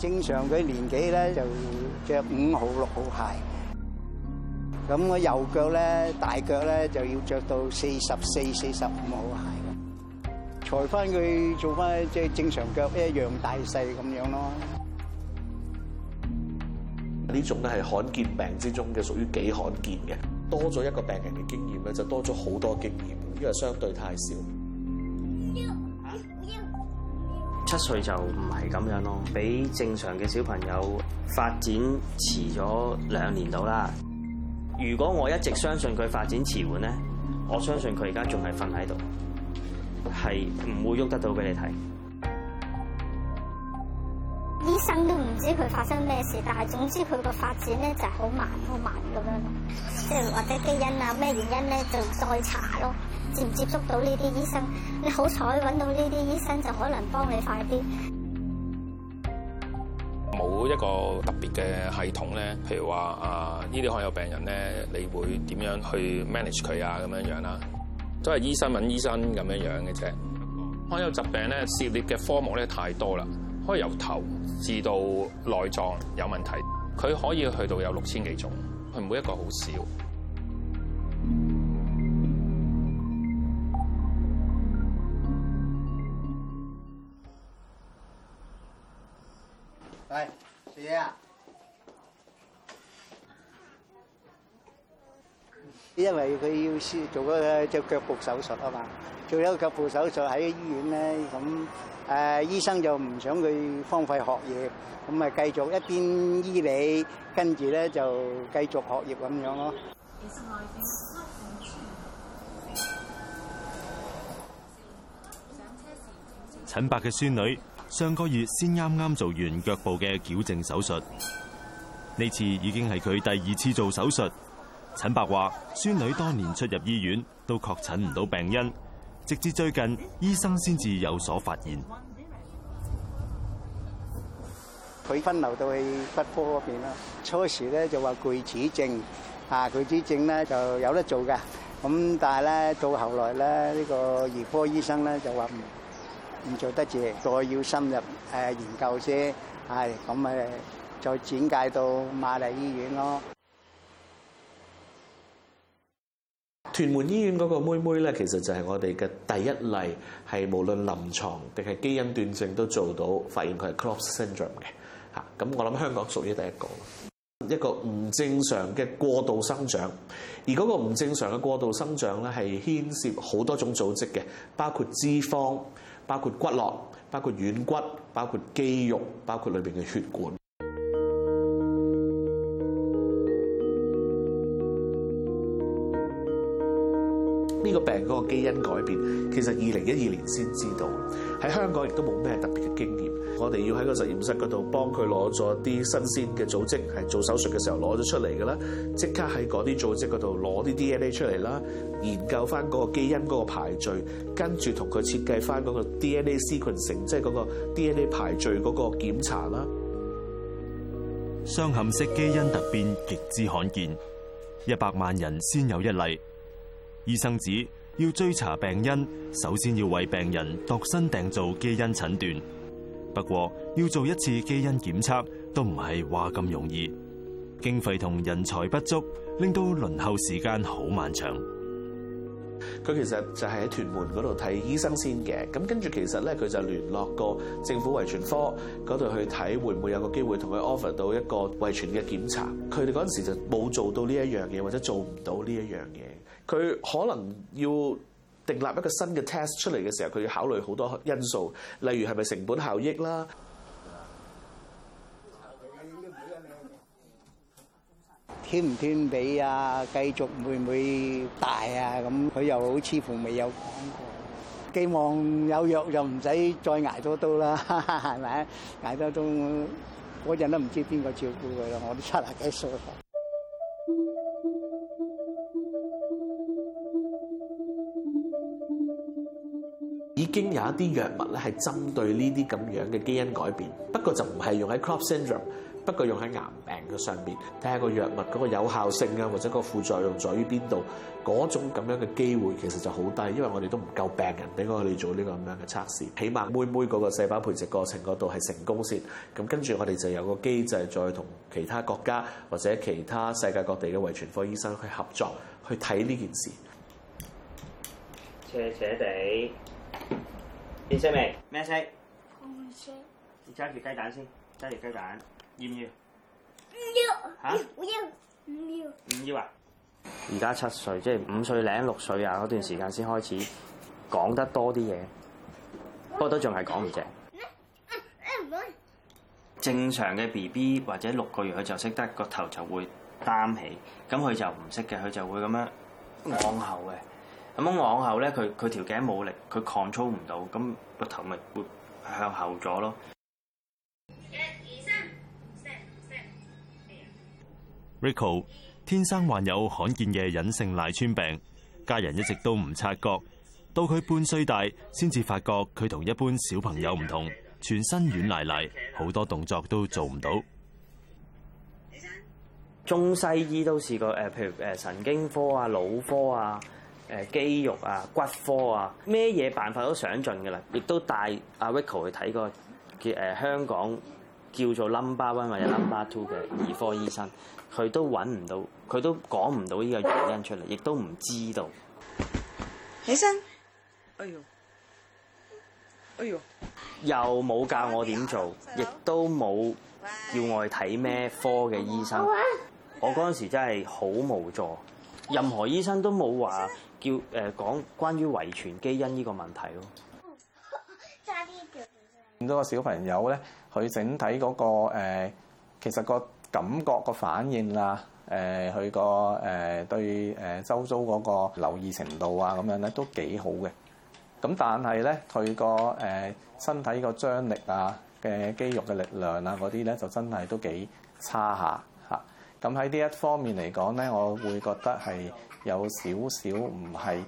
正常佢年紀咧就著五號、六號鞋，咁我右腳咧大腳咧就要著到四十四、四十五號鞋。裁翻佢做翻即係正常腳一樣大細咁樣咯。呢種咧係罕見病之中嘅，屬於幾罕見嘅。多咗一個病人嘅經驗咧，就多咗好多經驗，因為相對太少。七歲就唔係咁樣咯，比正常嘅小朋友發展遲咗兩年到啦。如果我一直相信佢發展遲緩呢，我相信佢而家仲係瞓喺度，係唔會喐得到俾你睇。醫生都唔知佢發生咩事，但係總之佢個發展咧就係好慢，好慢咁樣，即係或者基因啊咩原因咧就再查咯。接唔接觸到呢啲醫生，你好彩揾到呢啲醫生就可能幫你快啲。冇一個特別嘅系統咧，譬如話啊呢啲罕有病人咧，你會點樣去 manage 佢啊？咁樣樣啦，都係醫生問醫生咁樣樣嘅啫。罕有疾病咧，涉獵嘅科目咧太多啦。可以由頭至到內臟有問題，佢可以去到有六千幾種，佢每一個好少。因為佢要先做嗰隻腳部手術啊嘛，做咗個腳部手術喺醫院咧，咁誒醫生就唔想佢荒廢學業，咁咪繼續一邊醫你，跟住咧就繼續學業咁樣咯。陳伯嘅孫女上個月先啱啱做完腳部嘅矯正手術，呢次已經係佢第二次做手術。陳伯話：孫女多年出入醫院，都確診唔到病因，直至最近醫生先至有所發現。佢分流到去骨科嗰邊啦。初時咧就話巨指症，啊巨指症咧就有得做嘅。咁但係咧到後來咧呢、這個兒科醫生咧就話唔唔做得住，再要深入誒研究先係咁，咪再轉介到瑪麗醫院咯。屯門醫院嗰個妹妹咧，其實就係我哋嘅第一例，係無論臨床定係基因斷症都做到發現佢係 CLOVES Syndrome 嘅嚇。咁我諗香港屬於第一個一個唔正常嘅過度生長，而嗰個唔正常嘅過度生長咧係牽涉好多種組織嘅，包括脂肪、包括骨骼、包括軟骨、包括肌肉、包括裏面嘅血管。呢個病嗰個基因改變，其實二零一二年先知道，喺香港亦都冇咩特別嘅經驗。我哋要喺個實驗室嗰度幫佢攞咗啲新鮮嘅組織，係做手術嘅時候攞咗出嚟㗎啦，即刻喺嗰啲組織嗰度攞啲 DNA 出嚟啦，研究返嗰個基因嗰個排序，跟住同佢設計返嗰個 DNA sequence，即係嗰個 DNA 排序嗰個檢查啦。鑲嵌式基因突變極之罕見，一百萬人先有一例。醫生指要追查病因，首先要為病人度身訂做基因診斷。不過要做一次基因檢測都唔係話咁容易，經費同人才不足，令到輪候時間好漫長。佢其實就係喺屯門嗰度睇醫生先嘅，咁跟住其實咧佢就聯絡過政府遺傳科嗰度去睇會唔會有個機會同佢 offer 到一個遺傳嘅檢查。佢哋嗰陣時就冇做到呢一樣嘢，或者做唔到呢一樣嘢。佢可能要訂立一個新嘅 test 出嚟嘅時候，佢要考慮好多因素，例如係咪成本效益啦，攤唔攤底啊，繼續會唔會大啊？咁佢又好似乎未有講過，希望有藥就唔使再挨多刀啦，係咪啊？挨多刀嗰陣都唔知邊個照顧佢啦，我都七啊幾歲。已經有一啲藥物咧，係針對呢啲咁樣嘅基因改變，不過就唔係用喺 Crouse Syndrome，不過用喺癌病嘅上邊。睇下個藥物嗰個有效性啊，或者個副作用在於邊度，嗰種咁樣嘅機會其實就好低，因為我哋都唔夠病人俾我哋做呢個咁樣嘅測試。起碼妹妹嗰個細胞培植過程嗰度係成功先，咁跟住我哋就有個機制再同其他國家或者其他世界各地嘅遺傳科醫生去合作，去睇呢件事。謝謝你。變色未？咩色？紅色。我你揸住雞蛋先，揸住雞蛋，要唔要？唔要。嚇、啊？我要。唔要？唔要啊？而家七歲，即係五歲零六歲啊嗰段時間先開始講得多啲嘢，不過都仲係講唔正。正常嘅 B B 或者六個月，佢就識得個頭就會擔起，咁佢就唔識嘅，佢就會咁樣往後嘅。嗯咁樣往後咧，佢佢條頸冇力，佢 control 唔到，咁個頭咪會向後咗咯。Rico 天生患有罕見嘅隱性遺傳病，家人一直都唔察覺，到佢半歲大先至發覺佢同一般小朋友唔同，全身軟賴賴，好多動作都做唔到。中西醫都試過誒，譬如誒神經科啊、腦科啊。誒肌肉啊、骨科啊，咩嘢辦法都想盡㗎啦，亦都帶阿 Rico 去睇個嘅香港叫做 Number One 或者 Number Two 嘅兒科醫生，佢都揾唔到，佢都講唔到呢個原因出嚟，亦都唔知道。起身。哎呦！哎呦！又冇教我點做，亦弟都冇叫我去睇咩科嘅醫生。喂我嗰陣時真係好無助，任何醫生都冇話。叫誒、呃、講關於遺傳基因呢個問題咯，見到 個小朋友咧，佢整體嗰、嗰個、呃、其實個感覺個反應啊，佢、呃、個、呃、對周遭嗰個留意程度啊，咁樣咧都幾好嘅。咁但係咧，佢、嗰個、呃、身體個張力啊，嘅肌肉嘅力量啊，嗰啲咧就真係都幾差下。咁喺呢一方面嚟講咧，我會覺得係有少少唔係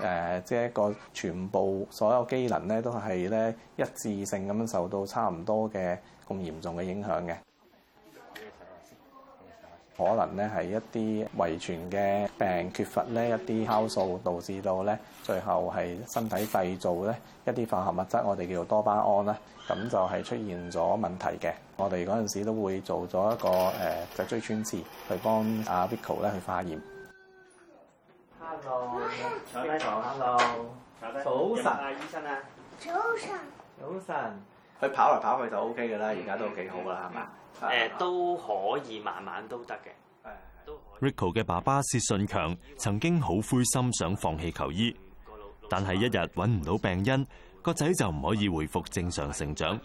誒，即係一個、呃、全部所有機能咧都係咧一致性咁樣受到差唔多嘅咁嚴重嘅影響嘅。可能咧係一啲遺傳嘅病缺乏咧一啲酵素，導致到咧最後係身體製造咧一啲化合物質，我哋叫做多巴胺啦，咁就係出現咗問題嘅。我哋嗰陣時都會做咗一個誒脊椎穿刺，去幫阿 Rico 咧去化驗。Hello，早上。Hello，早晨。早晨啊，醫生啊。早晨。早晨，佢跑嚟跑去就 O K 嘅啦，而家都幾好啦，係嘛？誒都可以，慢慢都得嘅。Rico 嘅爸爸薛信強曾經好灰心，想放棄求醫，但係一日揾唔到病因，個仔就唔可以回復正常成長。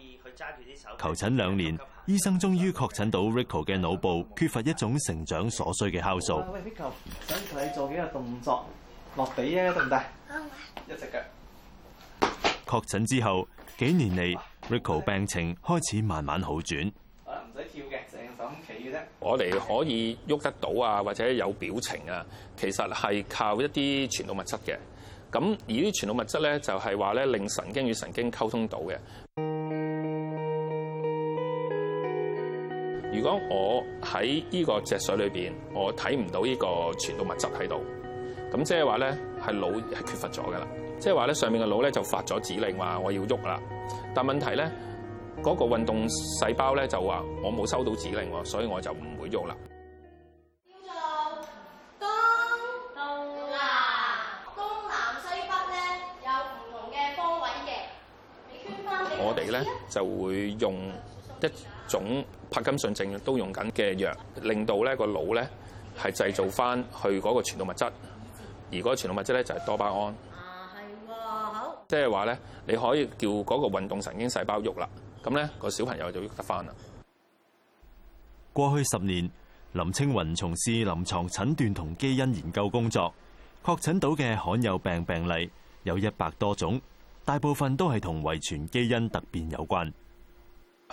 求診兩年，醫生終於確診到 Rico 嘅腦部缺乏一種成長所需嘅酵素。喂，Rico，想同你做幾個動作，落地啊得唔得？啱，一隻腳。確診之後，幾年嚟，Rico 病情開始慢慢好轉。好唔使跳嘅，企嘅啫。我哋可以喐得到啊，或者有表情啊，其實係靠一啲傳導物質嘅。咁而啲傳導物質咧，就係話咧令神經與神經溝通到嘅。如果我喺呢個脊髓裏邊，我睇唔到呢個傳導物質喺度，咁即係話咧，係腦係缺乏咗噶啦。即係話咧，上面嘅腦咧就發咗指令話我要喐啦，但問題咧，嗰個運動細胞咧就話我冇收到指令喎，所以我就唔會喐啦。叫做東，東南西北咧，有唔同嘅方位嘅，你圈翻。我哋咧就會用，一種柏金遜症都用緊嘅藥，令到咧個腦咧係製造翻去嗰個傳導物質，而嗰個傳導物質咧就係多巴胺啊，係喎，好，即係話咧你可以叫嗰個運動神經細胞喐啦，咁、那、咧個小朋友就喐得翻啦。過去十年，林青雲從事臨床診斷同基因研究工作，確診到嘅罕有病病例有一百多種，大部分都係同遺傳基因突變有關。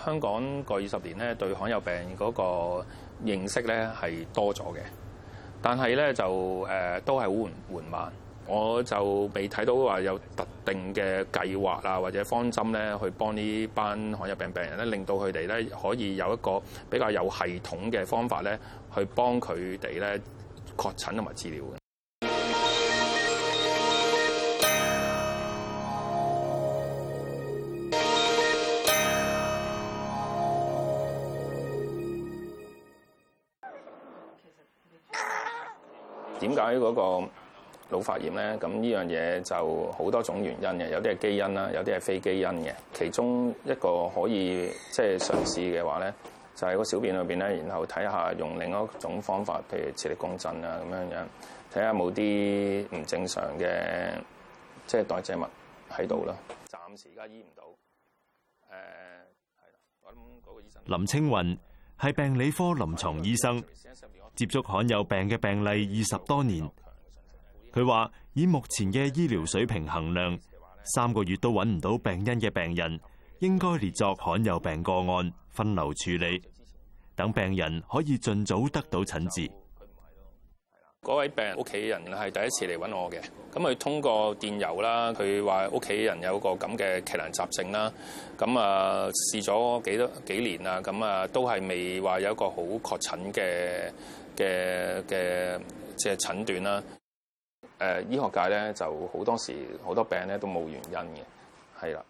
香港過二十年咧，對罕有病嗰個認識咧係多咗嘅，但係咧就誒、呃、都係緩緩慢，我就未睇到話有特定嘅計劃啊或者方針咧，去幫呢班罕有病病人咧，令到佢哋咧可以有一個比較有系統嘅方法咧，去幫佢哋咧確診同埋治療嘅。解於嗰個腦發炎咧，咁呢樣嘢就好多種原因嘅，有啲係基因啦，有啲係非基因嘅。其中一個可以即係嘗試嘅話咧，就係個小便裏邊咧，然後睇下用另一種方法，譬如磁力共振啊咁樣樣，睇下冇啲唔正常嘅即係代謝物喺度啦。暫時而家醫唔到。誒，係啦，我諗嗰個醫生林青雲。係病理科臨床醫生，接觸罕有病嘅病例二十多年。佢話，以目前嘅醫療水平衡量，三個月都揾唔到病因嘅病人，應該列作罕有病個案，分流處理，等病人可以盡早得到診治。嗰位病人屋企人係第一次嚟揾我嘅，咁佢通過電郵啦，佢話屋企人有個咁嘅奇難雜症啦，咁啊試咗幾多幾年啦，咁啊都係未話有一個好確診嘅嘅嘅即係診斷啦。誒、呃，醫學界咧就好多時好多病咧都冇原因嘅，係啦。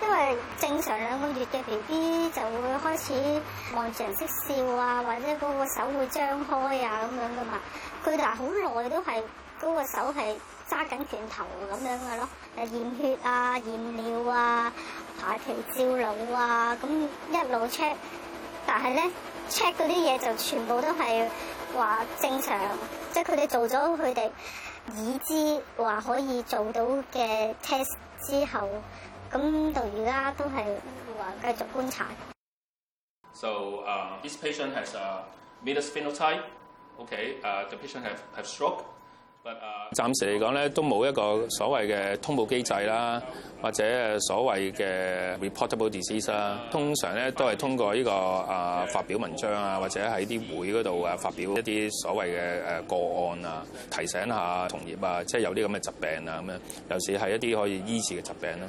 因為正常兩個月嘅 B B 就會開始望住人識笑啊，或者嗰個手會張開啊咁樣噶嘛。佢哋好耐都係嗰個手係揸緊拳頭咁樣嘅咯。誒驗血啊、驗尿啊、排期照腦啊，咁一路 check。但係咧 check 嗰啲嘢就全部都係話正常，即係佢哋做咗佢哋已知話可以做到嘅 test 之後。咁到而家都係話繼續觀察。So, this patient has a Marfan phenotype. Okay, the patient have have stroke, but 啊，暫時嚟講咧都冇一個所謂嘅通報機制啦，或者誒所謂嘅 reportable disease 啦。通常咧都係通過呢個啊發表文章啊，或者喺啲會嗰度啊發表一啲所謂嘅誒個案啊，提醒一下同業啊，即係有啲咁嘅疾病啊咁樣，尤其是係一啲可以醫治嘅疾病咯。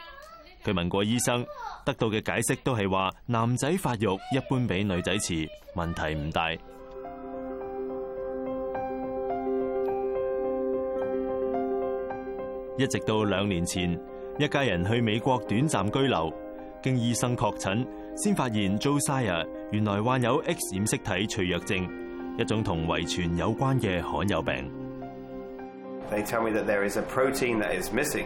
佢問過醫生，得到嘅解釋都係話男仔發育一般比女仔遲，問題唔大。一直到兩年前，一家人去美國短暫居留，經醫生確診，先發現 Josiah 原來患有 X 染色體脆弱症，一種同遺傳有關嘅罕有病。They tell me that there is a protein that is missing.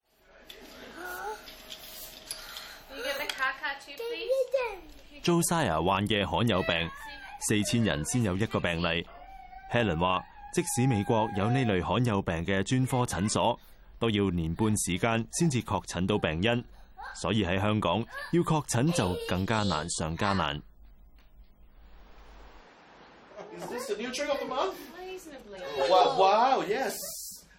Josiah 患嘅罕有病，四千人先有一個病例。Helen 話，即使美國有呢類罕有病嘅專科診所，都要年半時間先至確診到病因，所以喺香港要確診就更加難上加難。Wow. Wow. Wow. Yes.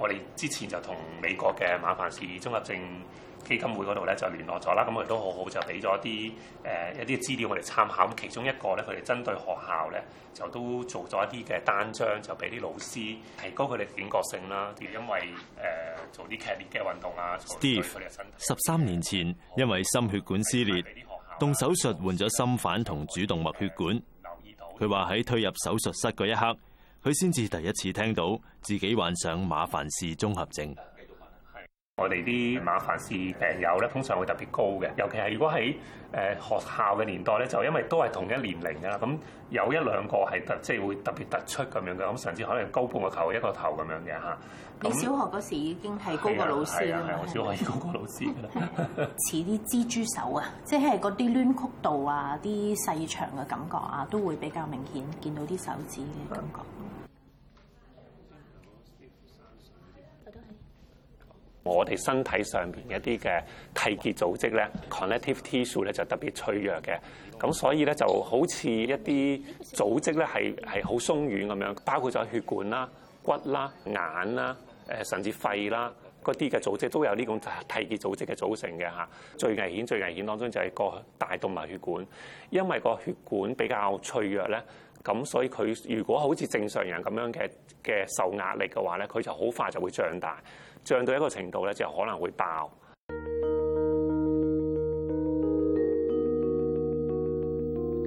我哋之前就同美國嘅馬凡氏綜合症基金會嗰度咧就聯絡咗啦，咁佢都好好就俾咗啲誒一啲資、呃、料我哋參考。咁其中一個咧，佢哋針對學校咧就都做咗一啲嘅單張，就俾啲老師提高佢哋警覺性啦。因為誒、呃、做啲劇烈嘅運動啊。Steve 十三年前因為心血管撕裂，撕裂動手術換咗心瓣同主動脈血管。佢話喺推入手術室嗰一刻。佢先至第一次聽到自己患上馬凡氏綜合症。我哋啲馬凡氏病友咧，通常會特別高嘅。尤其係如果喺誒學校嘅年代咧，就因為都係同一年齡啊，咁有一兩個係特即係會特別突出咁樣嘅，咁甚至可能高半個頭一個頭咁樣嘅嚇。你小學嗰時候已經係高過老師啦、係啊、係啊、係啊。我小學已經高過老師啦。似啲蜘蛛手、就是、那些啊，即係嗰啲攣曲度啊，啲細長嘅感覺啊，都會比較明顯見到啲手指嘅感覺。我哋身體上邊一啲嘅締結組織咧，connective tissue 咧就特別脆弱嘅，咁所以咧就好似一啲組織咧係係好鬆軟咁樣，包括咗血管啦、骨啦、眼啦、誒甚至肺啦。嗰啲嘅組織都有呢種體結組織嘅組成嘅嚇，最危險最危險當中就係個大動脈血管，因為個血管比較脆弱咧，咁所以佢如果好似正常人咁樣嘅嘅受壓力嘅話咧，佢就好快就會脹大，脹到一個程度咧就可能會爆。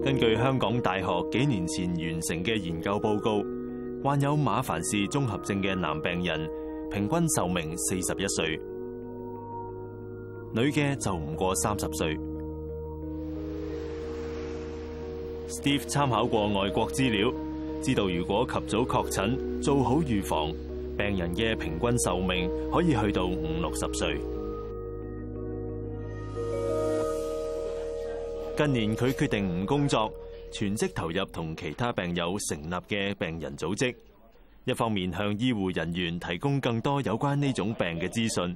根據香港大學幾年前完成嘅研究報告，患有馬凡氏綜合症嘅男病人，平均壽命四十一歲，女嘅就唔過三十歲。Steve 參考過外國資料，知道如果及早確診，做好預防，病人嘅平均壽命可以去到五六十歲。近年佢決定唔工作，全職投入同其他病友成立嘅病人組織。一方面向醫護人員提供更多有關呢種病嘅資訊，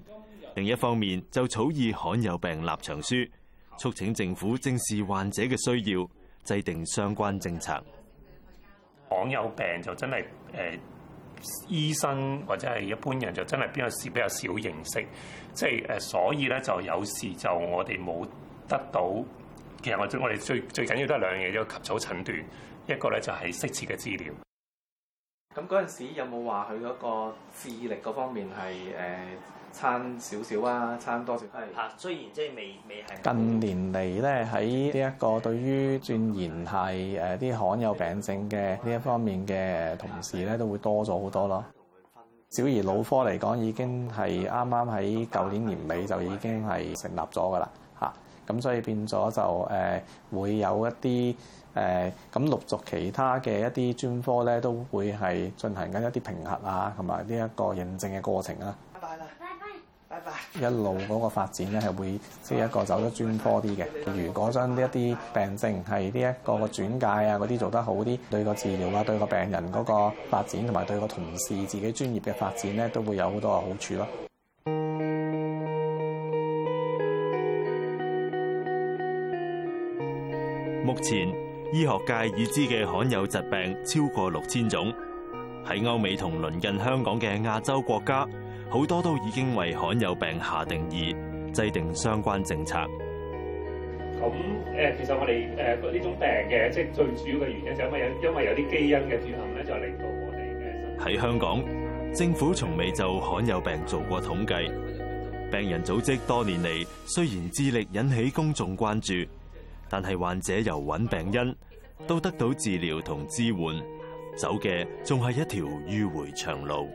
另一方面就草擬罕有病立場書，促請政府正視患者嘅需要，制定相關政策。罕有病就真係誒、呃，醫生或者係一般人就真係邊個事比較少認識，即係誒，所以咧就有時就我哋冇得到，其實我我哋最最緊要都係兩樣嘢，一個及早診斷，一個咧就係、是、適切嘅治療。咁嗰陣時有冇話佢嗰個智力嗰方面係誒差少少啊，差多少？嚇，雖然即係未未係近年嚟咧，喺呢一個對於鑽研係誒啲罕有病症嘅呢一方面嘅同事咧，都會多咗好多咯。小兒腦科嚟講，已經係啱啱喺舊年年尾就已經係成立咗噶啦，嚇！咁所以變咗就誒會有一啲。誒咁，陸續其他嘅一啲專科咧，都會係進行緊一啲評核啊，同埋呢一個認證嘅過程啦。拜拜啦，拜拜，拜拜。一路嗰個發展咧，係會即係一個走得專科啲嘅。如果將呢一啲病症係呢一個個轉介啊嗰啲做得好啲，對個治療啊，對個病人嗰個發展同埋對個同事自己專業嘅發展咧，都會有好多嘅好處咯。目前。醫學界已知嘅罕有疾病超過六千種，喺歐美同鄰近香港嘅亞洲國家，好多都已經為罕有病下定義，制定相關政策。咁誒，其實我哋誒呢種病嘅，即係最主要嘅原因就因為因為有啲基因嘅缺陷咧，就令到我哋嘅喺香港政府從未就罕有病做過統計。病人組織多年嚟雖然致力引起公眾關注。但係患者由揾病因都得到治療同支援，走嘅仲係一條迂迴長路。